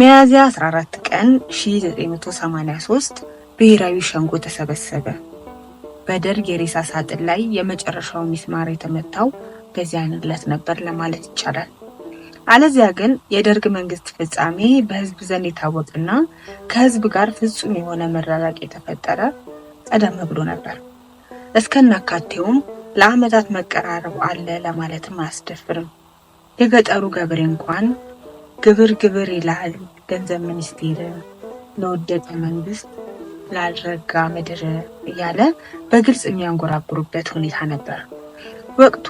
ሚያዝያ 14 ቀን 1983 ብሔራዊ ሸንጎ ተሰበሰበ። በደርግ የሬሳ ሳጥን ላይ የመጨረሻው ሚስማር የተመታው በዚያን ዕለት ነበር ለማለት ይቻላል። አለዚያ ግን የደርግ መንግስት ፍጻሜ በህዝብ ዘንድ የታወቀና ከህዝብ ጋር ፍጹም የሆነ መራራቅ የተፈጠረ ቀደም ብሎ ነበር። እስከናካቴውም ለአመታት መቀራረብ አለ ለማለትም አያስደፍርም። የገጠሩ ገበሬ እንኳን ግብር ግብር ይላል ገንዘብ ሚኒስቴር ለወደቀ መንግስት ላልረጋ ምድር እያለ በግልጽ የሚያንጎራጉሩበት ሁኔታ ነበር። ወቅቱ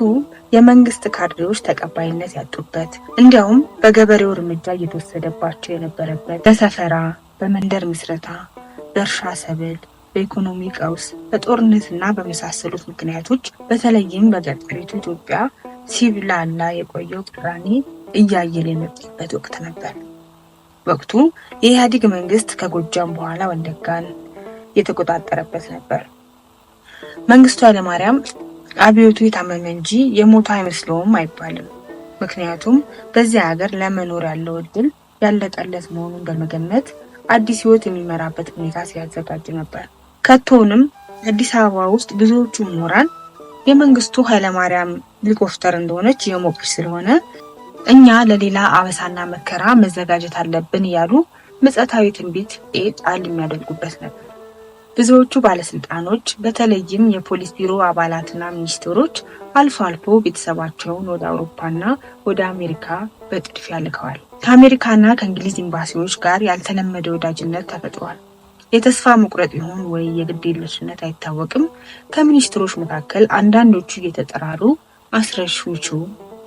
የመንግስት ካድሬዎች ተቀባይነት ያጡበት፣ እንዲያውም በገበሬው እርምጃ እየተወሰደባቸው የነበረበት፣ በሰፈራ በመንደር ምስረታ፣ በእርሻ ሰብል፣ በኢኮኖሚ ቀውስ፣ በጦርነትና በመሳሰሉት ምክንያቶች በተለይም በገጠሪቱ ኢትዮጵያ ሲብላላ የቆየው ቅራኔ እያየለ የመጡበት ወቅት ነበር። ወቅቱ የኢህአዴግ መንግስት ከጎጃም በኋላ ወለጋን የተቆጣጠረበት ነበር። መንግስቱ ኃይለማርያም አብዮቱ የታመመ እንጂ የሞተ አይመስለውም አይባልም። ምክንያቱም በዚያ ሀገር ለመኖር ያለው እድል ያለቀለት መሆኑን በመገመት አዲስ ህይወት የሚመራበት ሁኔታ ሲያዘጋጅ ነበር። ከቶውንም አዲስ አበባ ውስጥ ብዙዎቹ ምሁራን የመንግስቱ ኃይለማርያም ሄሊኮፍተር እንደሆነች የሞቀች ስለሆነ እኛ ለሌላ አበሳና መከራ መዘጋጀት አለብን እያሉ ምጸታዊ ትንቢት ጣል የሚያደርጉበት ነበር። ብዙዎቹ ባለስልጣኖች በተለይም የፖሊስ ቢሮ አባላትና ሚኒስትሮች አልፎ አልፎ ቤተሰባቸውን ወደ አውሮፓና ወደ አሜሪካ በጥድፊያ ልከዋል። ከአሜሪካና ከእንግሊዝ ኤምባሲዎች ጋር ያልተለመደ ወዳጅነት ተፈጥሯል። የተስፋ መቁረጥ ይሆን ወይ የግዴለሽነት አይታወቅም። ከሚኒስትሮች መካከል አንዳንዶቹ እየተጠራሩ አስረሽቹ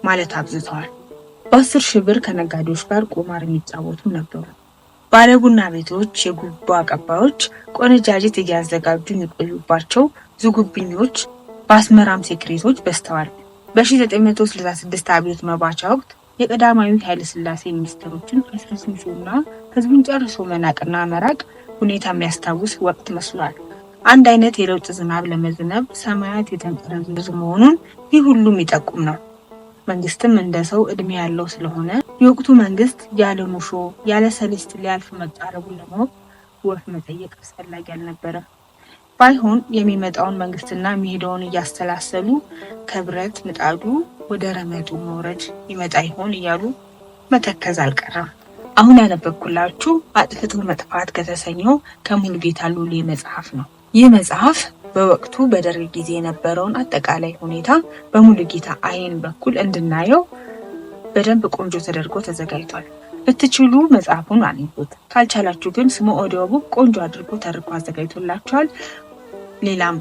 ማለት አብዝተዋል። በአስር ሺህ ብር ከነጋዴዎች ጋር ቁማር የሚጫወቱም ነበሩ። ባለቡና ቤቶች የጉቦ አቀባዮች ቆነጃጅት እያዘጋጁ የሚቆዩባቸው ዝጉብኞች በአስመራም ሴክሬቶች በዝተዋል። በ1966 አብዮት መባቻ ወቅት የቀዳማዊ ኃይለስላሴ ሚኒስትሮችን አስረሽሹና ህዝቡን ጨርሶ መናቅና መራቅ ሁኔታ የሚያስታውስ ወቅት መስሏል። አንድ አይነት የለውጥ ዝናብ ለመዝነብ ሰማያት የተንጠረዙ መሆኑን ይህ ሁሉ የሚጠቁም ነው። መንግስትም እንደ ሰው እድሜ ያለው ስለሆነ የወቅቱ መንግስት ያለ ሙሾ ያለ ሰልስት ሊያልፍ መቃረቡን ለማወቅ ወፍ መጠየቅ አስፈላጊ አልነበረም። ባይሆን የሚመጣውን መንግስትና የሚሄደውን እያስተላሰሉ ከብረት ምጣዱ ወደ ረመጡ መውረድ ይመጣ ይሆን እያሉ መተከዝ አልቀረም። አሁን ያነበብኩላችሁ አጥፍቶ መጥፋት ከተሰኘው ከሙሉጌታ ሉሌ መጽሐፍ ነው። ይህ መጽሐፍ በወቅቱ በደርግ ጊዜ የነበረውን አጠቃላይ ሁኔታ በሙሉጌታ አይን በኩል እንድናየው በደንብ ቆንጆ ተደርጎ ተዘጋጅቷል። ብትችሉ መጽሐፉን አንቡት፣ ካልቻላችሁ ግን ስሙ ኦዲዮ ቡክ ቆንጆ አድርጎ ተርጎ አዘጋጅቶላችኋል። ሌላም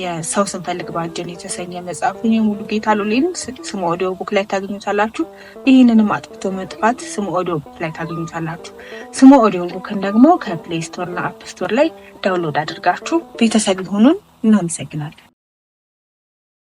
የሰው ስንፈልግ ባጀን የተሰኘ መጽሐፉን የሙሉጌታ ሉሌን ስሙ ኦዲዮ ቡክ ላይ ታገኙታላችሁ። ይህንንም አጥፍቶ መጥፋት ስሙ ኦዲዮ ቡክ ላይ ታገኙታላችሁ። ስሙ ኦዲዮ ቡክን ደግሞ ከፕሌይ እና አፕ ስቶር ላይ ዳውንሎድ አድርጋችሁ ቤተሰብ ይሁኑን። እናመሰግናለን።